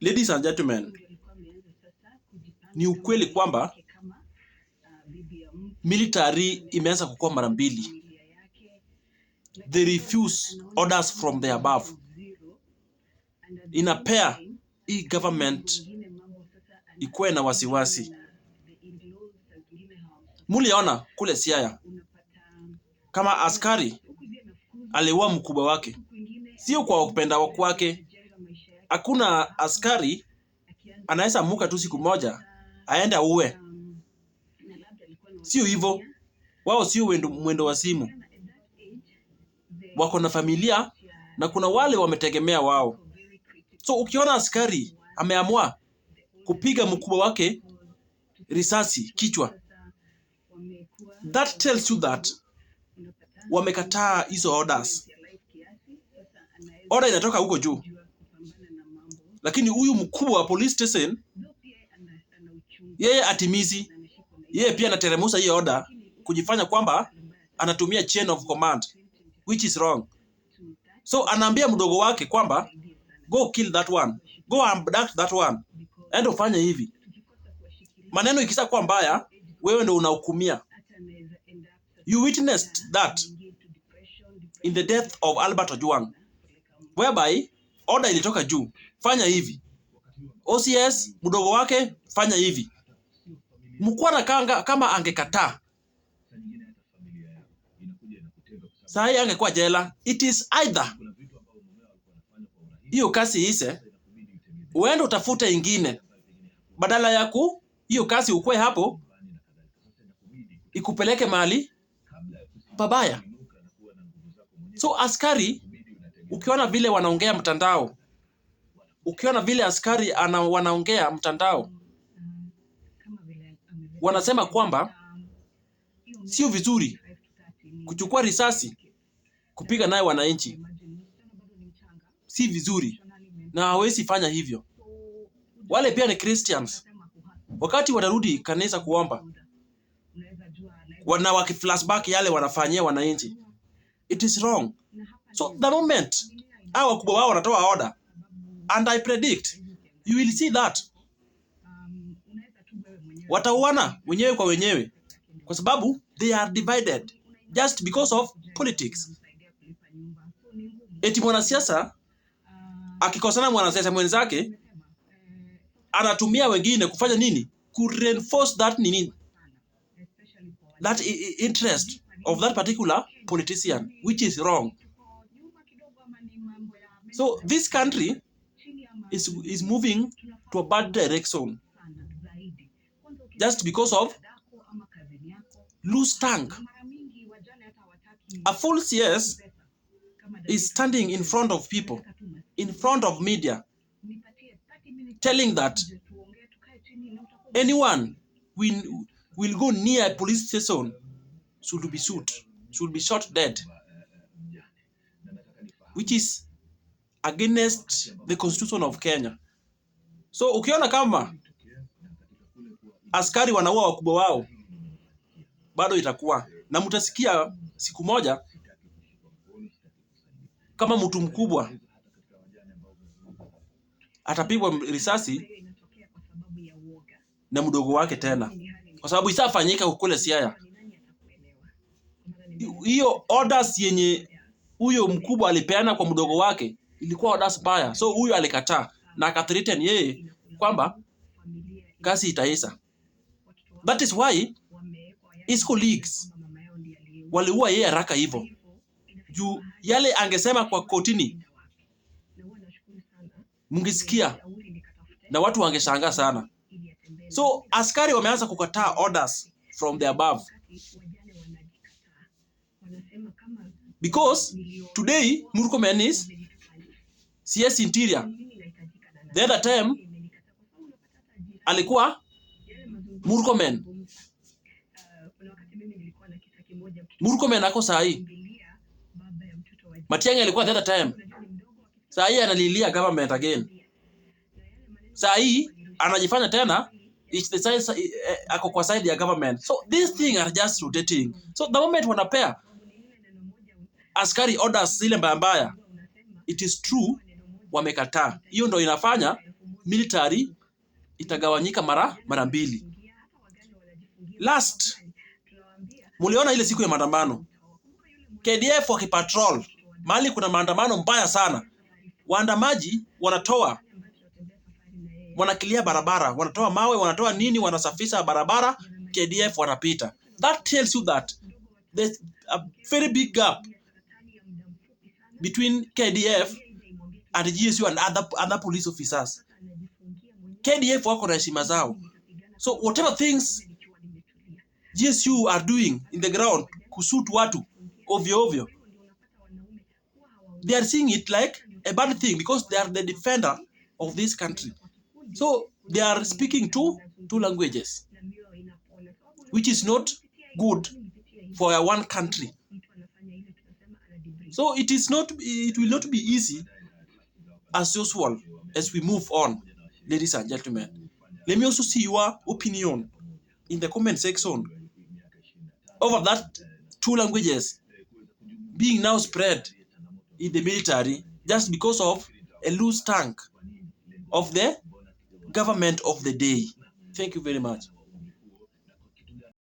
Ladies and gentlemen, ni ukweli kwamba military imeanza kukua mara mbili. They refuse orders from the above, inapea hii government ikuwe na wasiwasi. Muliona kule Siaya kama askari aliua mkubwa wake, sio kwa upenda kwake, hakuna askari anaweza amuka tu siku moja aende uwe. Sio hivyo, wao sio mwendo wa simu, wako na familia na kuna wale wametegemea wao. So ukiona askari ameamua kupiga mkubwa wake risasi kichwa, that tells you that wamekataa hizo orders. Order inatoka huko juu lakini huyu mkubwa wa police station yeye atimizi, yeye pia anateremusha hiyo order kujifanya kwamba anatumia chain of command which is wrong. So anaambia mdogo wake kwamba go kill that one, go abduct that one, enda ufanye hivi. Maneno ikisa kuwa mbaya, wewe ndio unahukumia. You witnessed that in the death of Albert Ojwang whereby Order ilitoka juu, fanya hivi. OCS mdogo wake, fanya hivi. Mkwara kanga kama angekataa saa hii angekuwa jela. It is either hiyo kasi ise, uende utafute ingine badala ya ku hiyo kasi ukwe hapo ikupeleke mahali pabaya. So askari Ukiona vile wanaongea mtandao, ukiona vile askari ana, wanaongea mtandao, wanasema kwamba sio vizuri kuchukua risasi kupiga naye wananchi, si vizuri na hawezi fanya hivyo. Wale pia ni Christians, wakati wanarudi kanisa kuomba, wana waki yale wanafanyia wananchi, it is wrong. So the moment hao wakubwa wao wanatoa order and I predict you will see that watauana wenyewe kwa wenyewe, kwa sababu they are divided just because of politics. Eti mwanasiasa akikosana mwanasiasa mwenzake anatumia wengine kufanya nini? Ku reinforce that nini, that interest of that particular politician which is wrong. So this country is, is moving to a bad direction just because of loose tongue. A false yes is standing in front of people, in front of media, telling that anyone will, will go near a police station should be shot, should be shot dead, which is against the constitution of Kenya. So ukiona kama askari wanaua wakubwa wao, bado itakuwa na, mtasikia siku moja kama mtu mkubwa atapigwa risasi na mdogo wake tena, kwa sababu isafanyika kule Siaya. Hiyo orders yenye huyo mkubwa alipeana kwa mdogo wake ilikuwa orders mbaya, so huyu alikataa na akathreaten yeye kwamba kazi itaisha. That is why his colleagues waliua yeye haraka hivyo, juu yale angesema kwa kotini mngisikia na watu wangeshangaa sana. So askari wameanza kukataa orders from the above because today Murkomen is CS Interior. The other time alikuwa Murkomen. Murkomen ako saa hii. Matiang'i alikuwa the other time. Saa hii analilia government again. Saa hii anajifanya tena it's the side, eh, eh, ako kwa side ya government. So this thing are just rotating. So the moment wanapea askari orders zile mbaya mbaya, it is true wamekataa. Hiyo ndio inafanya military itagawanyika mara mara mbili. Last muliona ile siku ya maandamano, KDF wakipatrol mali, kuna maandamano mbaya sana, waandamaji wanatoa wanakilia barabara, wanatoa mawe, wanatoa nini, wanasafisha barabara, KDF wanapita. That tells you that there's a very big gap between KDF at GSU and other, other police officers. KDF wako na heshima zao. So whatever things GSU are doing in the ground kusuit watu ovyo ovyo, they are seeing it like a bad thing because they are the defender of this country. So they are speaking two two languages, which is not good for one country. So it is not it will not be easy as usual, as we move on, ladies and gentlemen, let me also see your opinion in the comment section over that two languages being now spread in the military just because of a loose tank of the government of the day. Thank you very much.